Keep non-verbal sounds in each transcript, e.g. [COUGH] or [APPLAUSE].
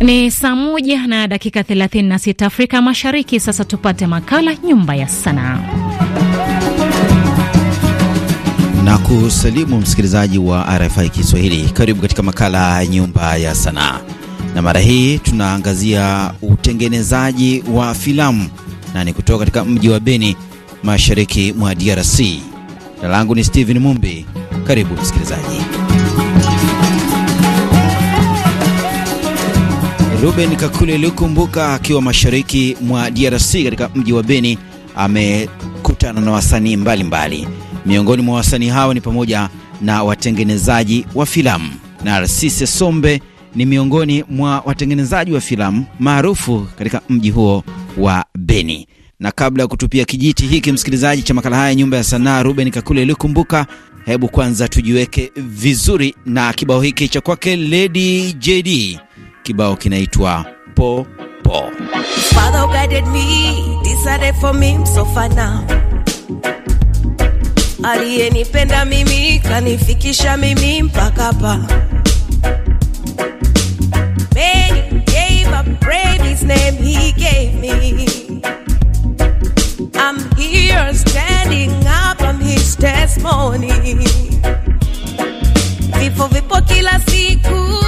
Ni saa moja na dakika 36 Afrika Mashariki. Sasa tupate makala Nyumba ya Sanaa na kusalimu msikilizaji wa RFI Kiswahili. Karibu katika makala Nyumba ya Sanaa, na mara hii tunaangazia utengenezaji wa filamu na ni kutoka katika mji wa Beni, mashariki mwa DRC. Jina langu ni Steven Mumbi. Karibu msikilizaji. Ruben Kakule likumbuka akiwa mashariki mwa DRC katika mji wa Beni amekutana na wasanii mbalimbali. Miongoni mwa wasanii hao ni pamoja na watengenezaji wa filamu, na rsise Sombe ni miongoni mwa watengenezaji wa filamu maarufu katika mji huo wa Beni. Na kabla ya kutupia kijiti hiki, msikilizaji, cha makala haya Nyumba ya Sanaa, Ruben Kakule likumbuka, hebu kwanza tujiweke vizuri na kibao hiki cha kwake Lady JD kibao kinaitwa po po. Father guided me, decided for me so far now. Aliyenipenda mimi kanifikisha mimi mpaka hapa. Vipo vipo kila siku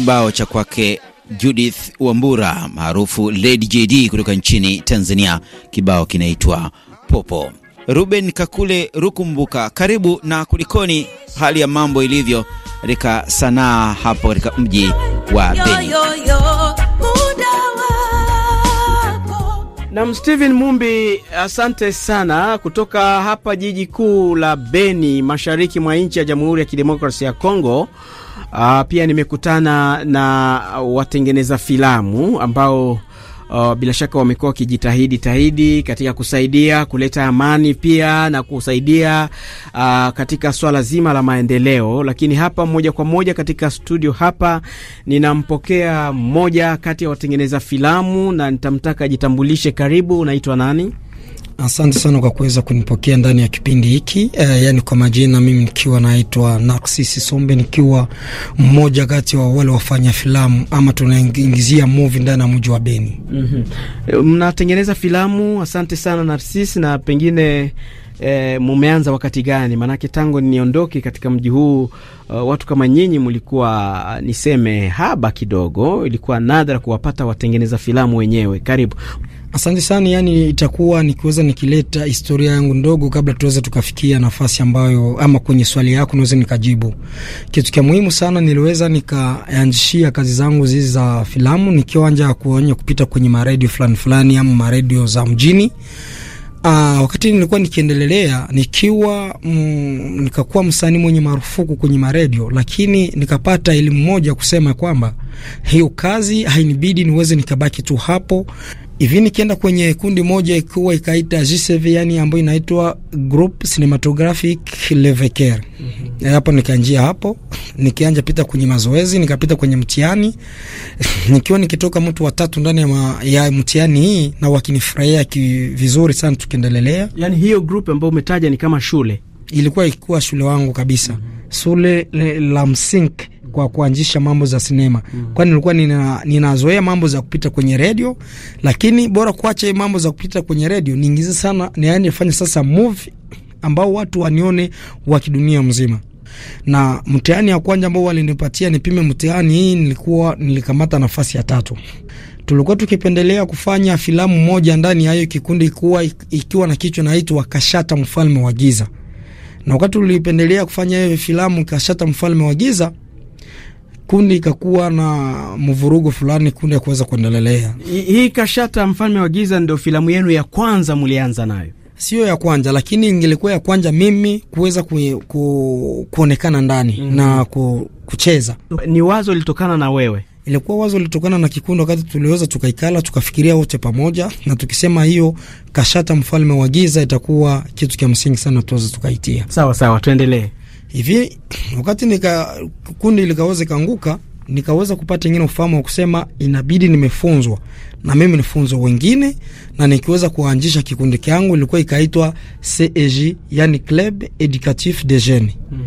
kibao cha kwake Judith Wambura maarufu Lady JD kutoka nchini Tanzania. Kibao kinaitwa Popo. Ruben Kakule Rukumbuka, karibu na kulikoni, hali ya mambo ilivyo katika sanaa hapo katika mji wa Beni? Nam Steven Mumbi, asante sana kutoka hapa jiji kuu la Beni, mashariki mwa nchi ya Jamhuri ya Kidemokrasia ya Kongo. Uh, pia nimekutana na watengeneza filamu ambao Uh, bila shaka wamekuwa wakijitahidi tahidi katika kusaidia kuleta amani pia na kusaidia uh, katika swala zima la maendeleo. Lakini hapa moja kwa moja katika studio hapa ninampokea mmoja kati ya watengeneza filamu na nitamtaka ajitambulishe. Karibu, unaitwa nani? Asante sana kwa kuweza kunipokea ndani ya kipindi hiki e, yani kwa majina mimi nikiwa naitwa Narcisi Sombe, nikiwa mmoja kati wa wale wafanya filamu ama tunaingizia movie ndani ya mji wa Beni. mm -hmm. Mnatengeneza filamu. Asante sana Narcisi, na pengine E, mumeanza wakati gani? Maanake tangu niondoke katika mji huu uh, watu kama nyinyi mlikuwa niseme haba kidogo, ilikuwa nadra kuwapata watengeneza filamu wenyewe. Karibu. Asante sana. Yani itakuwa nikiweza nikileta historia yangu ndogo, kabla tuweze tukafikia nafasi ambayo, ama kwenye swali yako naweza nikajibu kitu cha muhimu sana. Niliweza nikaanzishia kazi zangu hizi za filamu nikiwa nje ya kuonye kupita kwenye maredio fulani fulani, ama maredio za mjini. Aa, ah, wakati nilikuwa nikiendelelea nikiwa mm, nikakuwa msanii mwenye marufuku kwenye maredio, lakini nikapata elimu moja kusema kwamba hiyo kazi hainibidi niweze nikabaki tu hapo hivi nikienda kwenye kundi moja ikuwa ikaita GCV yani ambayo inaitwa Group Cinematographic Leveker. mm -hmm. Hapo nikaanjia hapo, nikianja pita kwenye mazoezi, nikapita kwenye mtihani [LAUGHS] nikiwa nikitoka mtu watatu ndani ya, ma, ya mtihani hii na wakinifurahia vizuri sana, tukiendelelea. Yani hiyo group ambayo umetaja ni kama shule, ilikuwa ikuwa shule wangu kabisa. mm -hmm. shule la msingi kwa kuanzisha mambo za sinema mm. Kwani nilikuwa nina, ninazoea mambo za kupita kwenye redio, lakini bora kuacha mambo za kupita kwenye redio niingize sana, yaani fanye sasa movie ambao watu wanione wa kidunia mzima na mtihani ya kwanza ambao walinipatia nipime mtihani hii, nilikuwa nilikamata nafasi ya tatu. Tulikuwa tukipendelea kufanya filamu moja ndani ya hiyo kikundi kuwa, ikiwa na kichwa naitwa Kashata Mfalme wa Giza, na wakati tulipendelea kufanya hiyo filamu Kashata Mfalme wa Giza kundi ikakuwa na mvurugo fulani, kundi ya kuweza kuendelelea. Hii Kashata, mfalme wa giza, ndio filamu yenu ya kwanza mlianza nayo? Sio ya kwanza, lakini ingelikuwa ya kwanza mimi kuweza ku, kuonekana ndani mm -hmm. na ku, kucheza. Ni wazo lilitokana na wewe? Ilikuwa wazo lilitokana na kikundi, wakati tuliweza tukaikala tukafikiria wote pamoja, na tukisema hiyo Kashata, mfalme wa giza itakuwa kitu cha msingi sana, tuweze tukaitia. Sawa sawa, tuendelee hivi. Wakati nika kundi likaweza kanguka, nikaweza kupata ingine ufahamu wa kusema inabidi nimefunzwa na mimi nifunzo wengine, na nikiweza kuanzisha kikundi kyangu ilikuwa ikaitwa CEJ, yani Club Educatif de Jeune. mm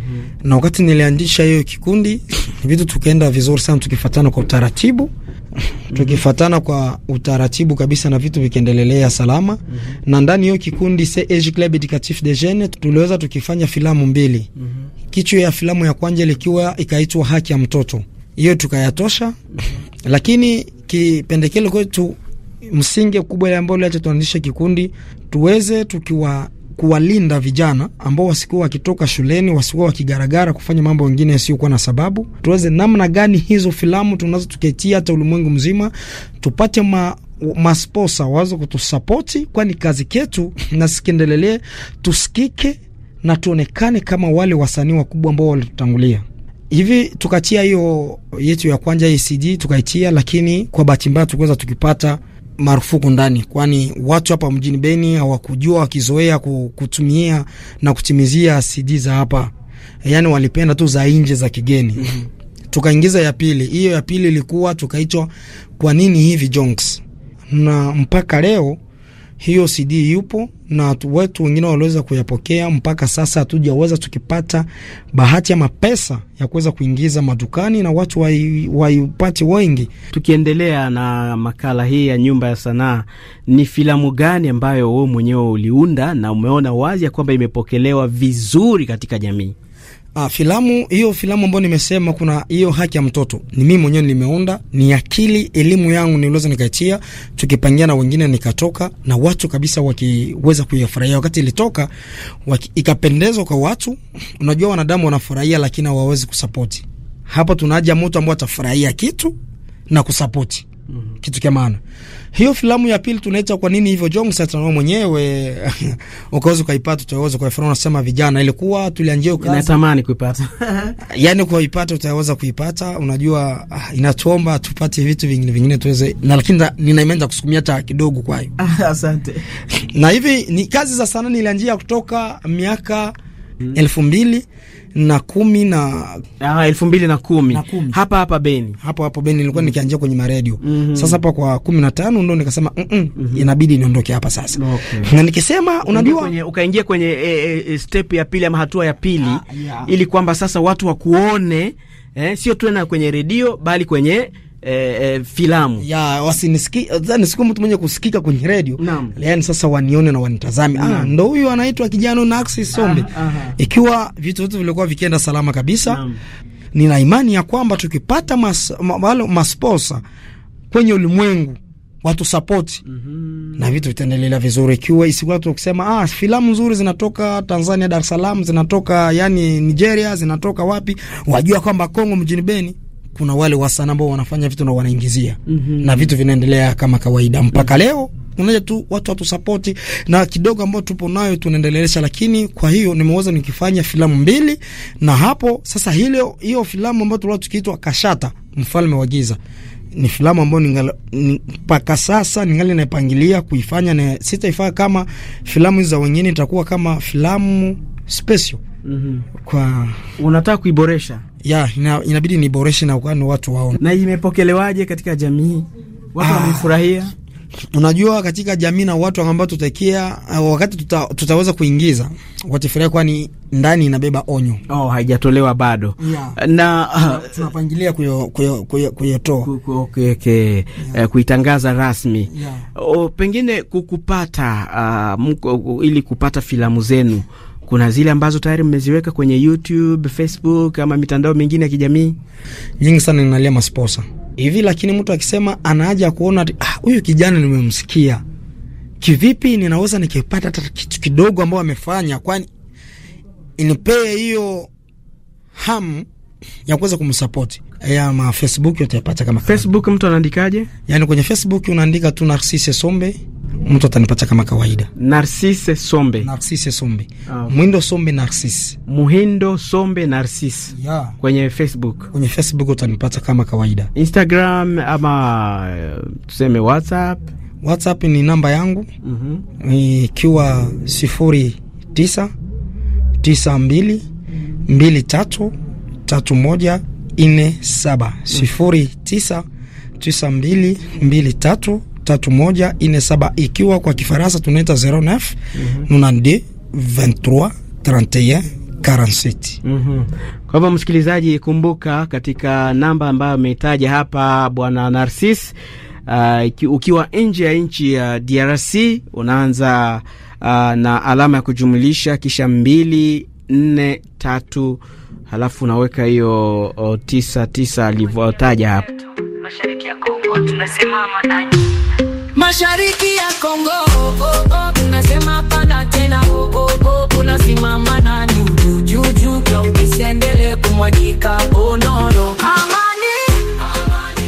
-hmm. Na wakati nilianzisha hiyo kikundi [LAUGHS] vitu tukaenda vizuri sana, tukifatana kwa utaratibu mhm. tukifatana kwa utaratibu kabisa na vitu vikiendelea salama. mm -hmm. Na ndani hiyo kikundi CEJ Club Educatif de Jeune tuliweza tukifanya filamu mbili. mm -hmm. Kichwa ya filamu ya kwanza ilikuwa ikaitwa Haki ya Mtoto, hiyo tukayatosha. mm -hmm. Lakini kipendekelo kwetu msingi kubwa ile ambayo leo tuanzishe kikundi tuweze tukiwa kuwalinda vijana ambao wasikuwa wakitoka shuleni, wasikuwa wakigaragara kufanya mambo mengine yasiyokuwa na sababu. Tuweze namna gani hizo filamu tunazo tuketia hata ulimwengu mzima, tupate ma masposa wazo kutusapoti, kwani kazi [LAUGHS] na nasikiendelelee, tusikike na tuonekane kama wale wasanii wakubwa ambao walitutangulia hivi tukatia hiyo yetu ya kwanza ECD tukaitia, lakini kwa bahati mbaya tukuweza tukipata marufuku ndani, kwani watu hapa mjini Beni hawakujua, wakizoea kutumia na kutimizia CD za hapa, yaani walipenda tu za nje za kigeni. mm -hmm. Tukaingiza ya pili, hiyo ya pili ilikuwa tukaitwa kwa nini hivi Jonks, na mpaka leo hiyo CD yupo na watu wetu wengine waliweza kuyapokea. Mpaka sasa hatujaweza tukipata bahati ama pesa ya kuweza kuingiza madukani na watu waipati wengi. Tukiendelea na makala hii ya nyumba ya sanaa, ni filamu gani ambayo wewe mwenyewe uliunda na umeona wazi ya kwamba imepokelewa vizuri katika jamii? Ah, filamu hiyo filamu ambayo nimesema kuna hiyo haki ya mtoto ni mimi mwenyewe nimeunda, ni akili elimu yangu niliweza nikaitia, tukipangia na wengine nikatoka na watu kabisa wakiweza kuyafurahia. Wakati ilitoka ikapendezwa kwa watu, unajua wanadamu wanafurahia, lakini hawawezi kusapoti. Hapa tunaja mtu ambaye atafurahia kitu na kusapoti -hmm. Kitu cha maana hiyo filamu ya pili tunaita kwa nini hivyo Jong Satano mwenyewe [LAUGHS] ukaweza kuipata, utaweza kwa ifrona sema vijana, ilikuwa tulianjia ukaza natamani kuipata [LAUGHS] yani kwa ipata utaweza kuipata. Unajua ah, inatuomba tupate vitu vingine vingine tuweze na, lakini ninaimenda kusukumia hata kidogo. Kwa hiyo [LAUGHS] asante. na hivi ni kazi za sanaa nilianjia kutoka miaka mm -hmm. elfu mbili na kumi na ah, elfu mbili na kumi na kumi hapa hapa Beni, hapo hapo Beni nilikuwa mm nikianjia kwenye maredio mm -hmm. Sasa hapa kwa kumi na tano ndo nikasema mm -mm, mm -hmm. inabidi niondoke hapa sasa okay. na nikisema unajua, ukaingia kwenye e, e, step ya pili ama hatua ya pili ah, yeah. ili kwamba sasa watu wakuone eh, sio tena kwenye redio bali kwenye eh, eh, filamu ya wasinisikie. Nadhani siku mtu mwenye kusikika kwenye redio, yaani sasa wanione na wanitazame. Ah, ndo huyu anaitwa kijana na Axis Sombe. Ah, Ikiwa vitu vyote vilikuwa vikienda salama kabisa Nina imani ya kwamba tukipata mas, ma, masposa kwenye ulimwengu watu sapoti mm -hmm. na vitu vitaendelea vizuri. Ikiwa isiku tu kusema ah, filamu nzuri zinatoka Tanzania, Dar es Salaam, zinatoka yani Nigeria, zinatoka wapi, wajua kwamba Kongo mjini Beni kuna wale wasanii ambao wanafanya vitu na wanaingizia mm -hmm. na vitu vinaendelea kama kawaida mpaka mm -hmm. leo unaja tu watu watusapoti na kidogo ambao tupo nayo tunaendelelesha, lakini kwa hiyo nimeweza nikifanya filamu mbili, na hapo sasa hilo hiyo filamu ambayo tulikuwa tukiitwa Kashata Mfalme wa Giza ni filamu ambayo mpaka sasa ningali naipangilia kuifanya na sitaifanya kama filamu za wengine, itakuwa kama filamu special. Mm -hmm. Kwa unataka kuiboresha ya ina, inabidi niboreshe na kwani watu waone. Na imepokelewaje katika jamii? Watu ah. wamefurahia? Unajua, katika jamii na watu ambao tutakia wakati tuta, tutaweza kuingiza watifurahia, kwani ndani inabeba onyo. Oh, haijatolewa bado yeah. Na uh, tunapangilia kuyotoa okay, okay. yeah. Uh, kuitangaza rasmi yeah. Oh, o, pengine kukupata uh, mko, ili kupata filamu zenu kuna zile ambazo tayari mmeziweka kwenye YouTube, Facebook ama mitandao mingine ya kijamii? Nyingi sana ninalia masposa hivi, lakini mtu akisema ana haja ya kuona ah, huyu ah, kijana nimemsikia kivipi, ninaweza nikipata hata kitu kidogo ambao amefanya, kwani inipee hiyo hamu ya kuweza kumsapoti ya eh, ma Facebook yote yapata kama Facebook. Mtu anaandikaje? Yani kwenye Facebook unaandika tu Narcisse Sombe, mtu atanipata kama kawaida. Narcisse Sombe, Narcisse Sombe, ah, okay. Muhindo Sombe Narcisse, Muhindo Sombe Narcisse, yeah. Kwenye Facebook, kwenye Facebook utanipata kama kawaida. Instagram ama tuseme WhatsApp. WhatsApp ni namba yangu Mhm. mm ikiwa 09 92 23 tatu moja ine ikiwa kwa Kifaransa tunaita 09 92 23 31 47. Kwa hivyo msikilizaji, kumbuka katika namba ambayo ameitaja hapa Bwana Narcis, uh, ukiwa nje ya nchi ya DRC unaanza uh, na alama ya kujumlisha kisha mbili nne tatu halafu unaweka hiyo tisa tisa alivyotaja hapo. Mashariki ya Kongo tunasimama nanyi, mashariki ya Kongo oh, oh, oh, tunasema pana tena, oh, oh, oh, unasimama nanyi, jujuju isiendelee kumwagika onono oh,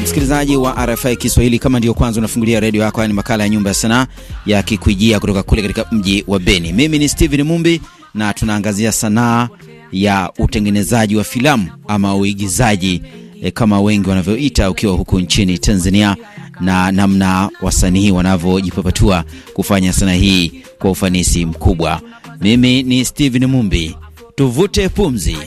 Msikilizaji wa RFI Kiswahili, kama ndio kwanza unafungulia redio yako, haya ni makala ya Nyumba ya Sanaa yakikujia kutoka kule katika mji wa Beni. Mimi ni Steven Mumbi na tunaangazia sanaa ya utengenezaji wa filamu ama uigizaji e, kama wengi wanavyoita ukiwa huku nchini Tanzania, na namna wasanii wanavyojipapatua kufanya sanaa hii kwa ufanisi mkubwa. Mimi ni Steven Mumbi, tuvute pumzi.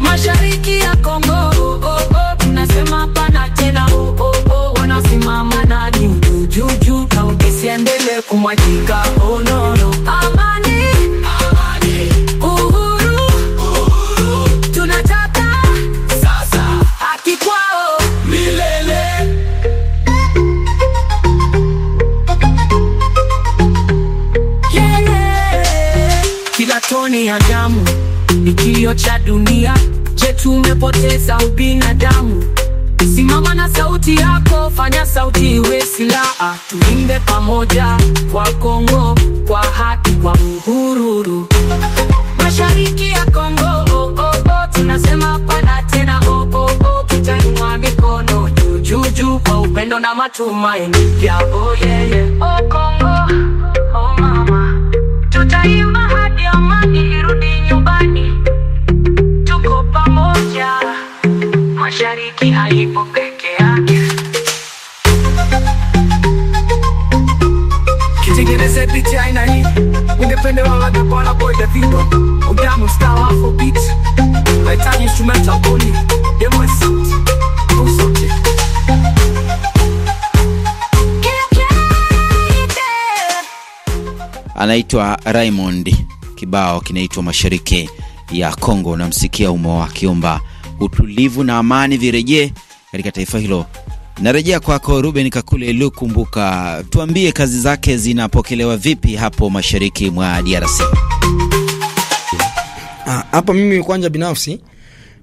mashariki ya Kongo, oh, oh, oh. tunasema pana tena, wanasimama juju, oh no tumepoteza ubinadamu. Simama na sauti yako, fanya sauti iwe silaha. Tuimbe pamoja kwa Kongo, kwa haki, kwa uhuru. Mashariki ya Kongo, oh, oh, oh, tunasema pana tena, oh, oh, oh, tutainua mikono juu juu juu kwa upendo na matumaini ya oh, yeah, yeah. Oh, Kongo, oh, mama, tutaimba hadi amani irudi. Kitengeneze picha aina hii, ungependewa boy Davido, udamu anaitwa Raymond, kibao kinaitwa Mashariki ya Kongo, namsikia umo akiomba utulivu na amani virejee katika taifa hilo. Narejea kwako Ruben Kakule Lukumbuka, tuambie kazi zake zinapokelewa vipi hapo mashariki mwa DRC? Ah, hapa mimi kwanja binafsi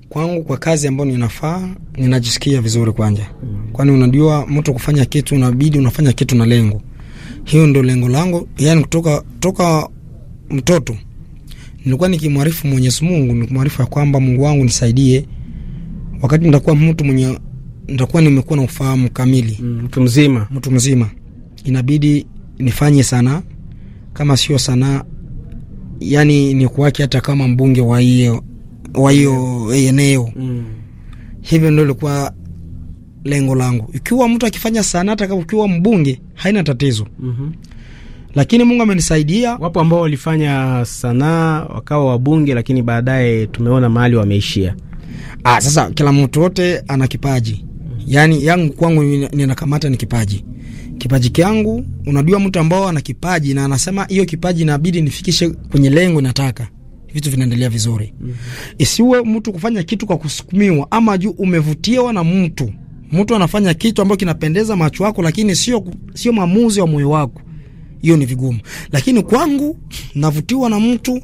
kwangu kwa kazi ambayo ninafaa ninajisikia vizuri kwanja, kwani unajua mtu kufanya kitu unabidi unafanya kitu na lengo. Hiyo ndio lengo langu, yani kutoka toka mtoto nilikuwa nikimwarifu Mwenyezi Mungu, nikumwarifu ya kwamba Mungu wangu nisaidie wakati nitakuwa mtu mwenye nitakuwa nimekuwa na ufahamu kamili mm, mtu mzima, mtu mzima, inabidi nifanye sana kama sio sanaa, yani ni kuwake hata kama mbunge wa hiyo wa hiyo eneo mm. Hivyo ndio ilikuwa lengo langu. Ikiwa mtu akifanya sana, hata ukiwa mbunge, haina tatizo mm -hmm. Lakini Mungu amenisaidia. Wapo ambao walifanya sanaa wakawa wabunge, lakini baadaye tumeona mahali wameishia. Ah, sasa kila mtu wote ana kipaji. Yaani yangu kwangu ninakamata ni kipaji. Kipaji kyangu, unajua mtu ambao ana kipaji na anasema hiyo kipaji inabidi nifikishe kwenye lengo nataka. Vitu vinaendelea vizuri. Mm -hmm. Isiwe mtu kufanya kitu kwa kusukumiwa ama juu umevutiwa na mtu. Mtu anafanya kitu ambacho kinapendeza macho yako lakini sio sio maamuzi ya moyo wako. Hiyo ni vigumu. Lakini kwangu navutiwa na mtu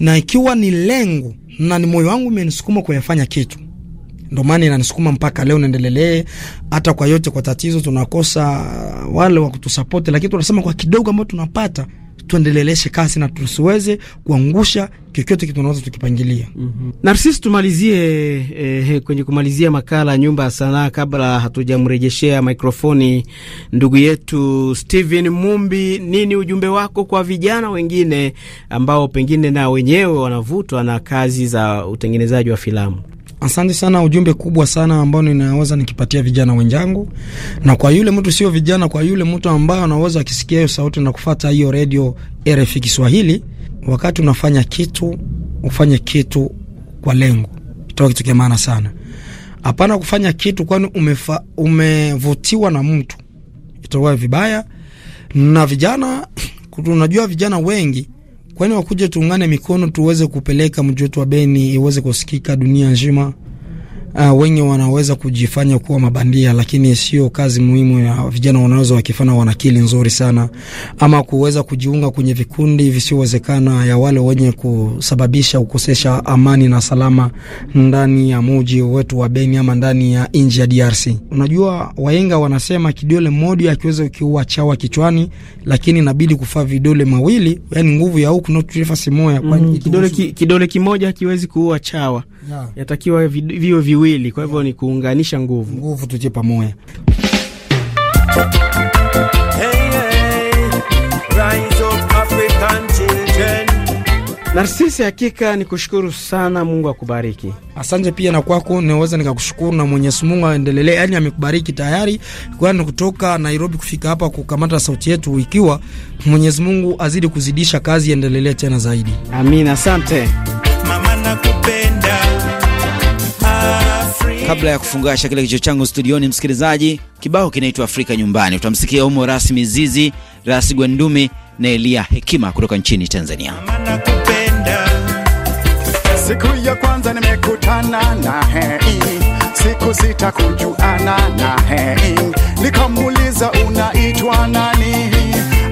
na ikiwa ni lengo na ni moyo wangu umenisukuma kuyafanya kitu, ndo maana inanisukuma mpaka leo niendelelee. Hata kwa yote, kwa tatizo tunakosa wale wa kutusapoti, lakini tunasema kwa kidogo ambao tunapata tuendeleleshe kasi na tusiweze kuangusha chochote kitu tunaweza tukipangilia. mm -hmm. Narcis, tumalizie eh, eh, kwenye kumalizia makala nyumba ya sanaa, kabla hatujamrejeshea mikrofoni ndugu yetu Steven Mumbi, nini ujumbe wako kwa vijana wengine ambao pengine na wenyewe wanavutwa na kazi za utengenezaji wa filamu? Asante sana, ujumbe kubwa sana ambao ninaweza nikipatia vijana wenzangu, na kwa yule mtu sio vijana, kwa yule mtu ambaye anaweza akisikia hiyo sauti na kufuata hiyo redio RFI Kiswahili, wakati unafanya kitu ufanye kitu kwa lengo, itoa kitu cha maana sana. Hapana kufanya kitu kwani umefa, umevutiwa na mtu, itakuwa vibaya. Na vijana, tunajua [CLEARS THROAT] vijana wengi kwani wakuja tuungane mikono tuweze kupeleka mji wetu wa Beni iweze kusikika dunia nzima uh, wengi wanaweza kujifanya kuwa mabandia, lakini sio kazi muhimu ya vijana. Wanaweza wakifanya, wana akili nzuri sana, ama kuweza kujiunga kwenye vikundi visiowezekana ya wale wenye kusababisha ukosesha amani na salama ndani ya muji wetu wa Beni ama ndani ya nchi ya DRC. Unajua, wahenga wanasema kidole mmoja akiweza kiua chawa kichwani, lakini inabidi kufaa vidole mawili, yani nguvu ya huku na tulifa simoya. Mm, kidole, ki, kidole kimoja hakiwezi kuua chawa yeah. Yatakiwa viwe viwili viwili, kwa hivyo yeah, ni kuunganisha nguvu nguvu, tuje pamoja Narsisi, hakika ni kushukuru sana. Mungu akubariki. Asante pia na kwako, niweza nikakushukuru na Mwenyezi Mungu aendelelee, yani amekubariki tayari, kwani kutoka Nairobi kufika hapa kukamata sauti yetu, ikiwa Mwenyezi Mungu azidi kuzidisha kazi, endelelee tena zaidi. Amina, asante. Kabla ya kufungasha kile kicho changu studioni, msikilizaji, kibao kinaitwa Afrika Nyumbani. Utamsikia humo Rasi Mizizi, Rasi gwendumi na Elia Hekima kutoka nchini Tanzania. Siku ya kwanza nimekutana na hei, siku sita kujuana na hei, nikamuuliza unaitwa nani?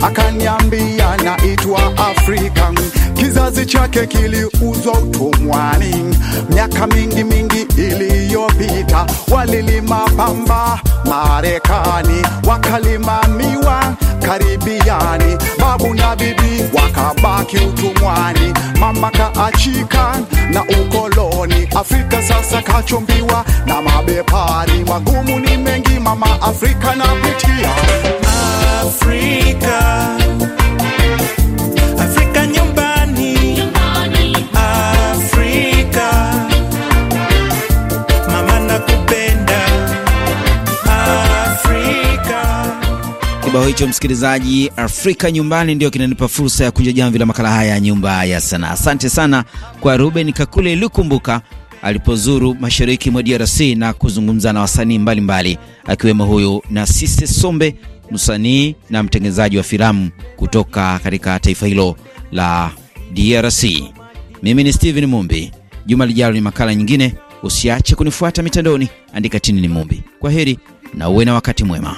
Akaniambia naitwa Afrika. Kizazi chake kiliuzwa utumwani miaka mingi mingi iliyopita walilima pamba Marekani, wakalimamiwa Karibiani, babu na bibi wakabaki utumwani, mama kaachika na ukoloni. Afrika sasa kachumbiwa na mabepari, magumu ni mengi mama Afrika napitia Afrika Kibao hicho msikilizaji, Afrika Nyumbani ndio kinanipa fursa ya kunja jamvi la makala haya ya Nyumba ya Sanaa. Asante sana kwa Ruben Kakule Lukumbuka alipozuru mashariki mwa DRC na kuzungumza na wasanii mbalimbali akiwemo huyu na Sise Sombe, msanii na mtengenezaji wa filamu kutoka katika taifa hilo la DRC. Mimi ni stehen Mumbi. Juma lijalo ni makala nyingine. Usiache kunifuata mitandaoni, andika tini ni Mumbi. Kwa heri na uwe na wakati mwema.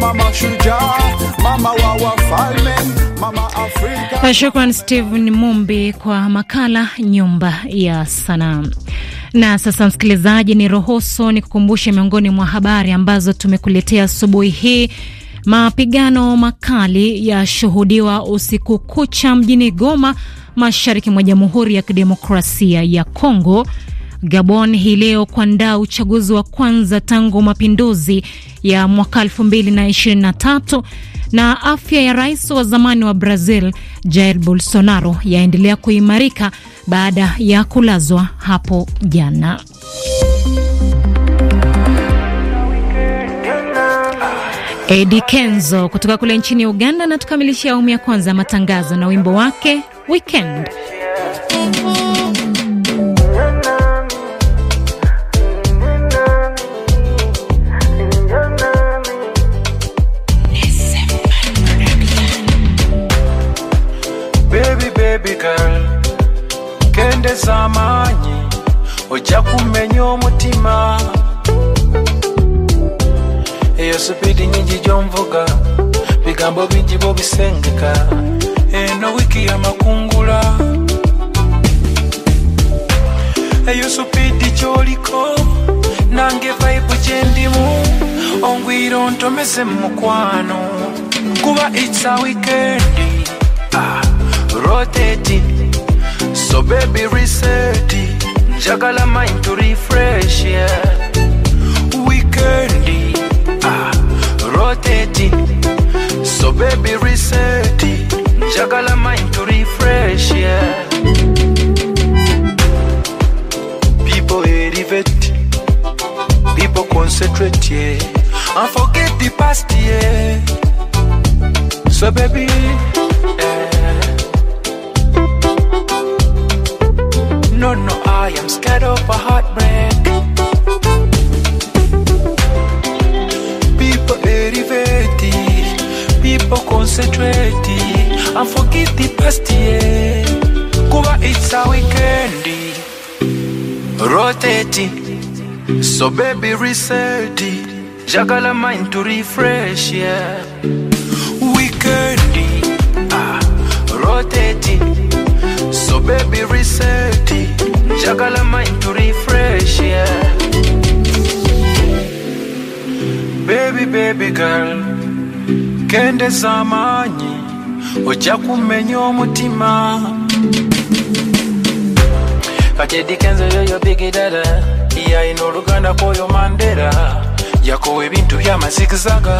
mama mashujaa, mama wa wafalme, mama Afrika. Shukran Steven Mumbi kwa makala Nyumba ya Sanaa. Na sasa msikilizaji, ni ruhusu ni kukumbushe miongoni mwa habari ambazo tumekuletea asubuhi hii. Mapigano makali yashuhudiwa usiku kucha mjini Goma, mashariki mwa Jamhuri ya Kidemokrasia ya Kongo Gabon hii leo kuandaa uchaguzi wa kwanza tangu mapinduzi ya mwaka 2023 na afya ya rais wa zamani wa Brazil Jair Bolsonaro yaendelea kuimarika baada ya kulazwa hapo jana. Edi Kenzo kutoka kule nchini Uganda anatukamilishia awamu ya kwanza ya matangazo na wimbo wake Weekend. ojja kummenya omutima eyo supidi nyingi gyomvuga bigambo bingi bobisengeka eno wiiki yamakungula eyo supidi kyoliko nange paipu gyendimu ongwiro ntomeze mukwano kuba its a weekend ah, rotati so baby reseti Juggle a mind to refresh, yeah. Weekend, ah, rotating. So baby, reset it. Juggle a mind to refresh, yeah. People elevate, people concentrate, yeah. And forget the past, yeah. So baby, yeah. no, no. I am scared of a heartbreak. People elevated, people concentrated, and forget the past year. Kuba it's a weekend. Rotating, so baby reset it. Jagala mind to refresh, yeah. Weekend, ah, rotating, so baby reset it. njagala mind to refresh yeah. baby baby girl kendeza amaanyi ojja kumenya omutima katyedikenzo yoyo bigidada yaina oluganda kwoyo mandera yakowa ebintu byamazigzaga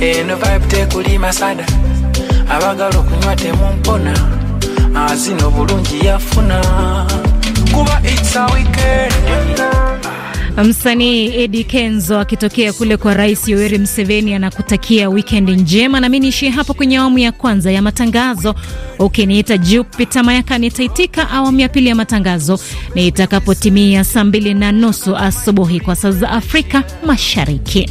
eno vibe tekuli masada abagala okunywa temumpona azino bulungi yafuna kuba it's a weekend Msanii Edi Kenzo akitokea kule kwa Rais Yoweri Museveni anakutakia wikendi njema, nami niishie hapo kwenye awamu ya kwanza ya matangazo. Ukiniita okay, Jupita Mayaka nitaitika. Awamu ya pili ya matangazo ni itakapotimia saa mbili na nusu asubuhi kwa saa za Afrika Mashariki.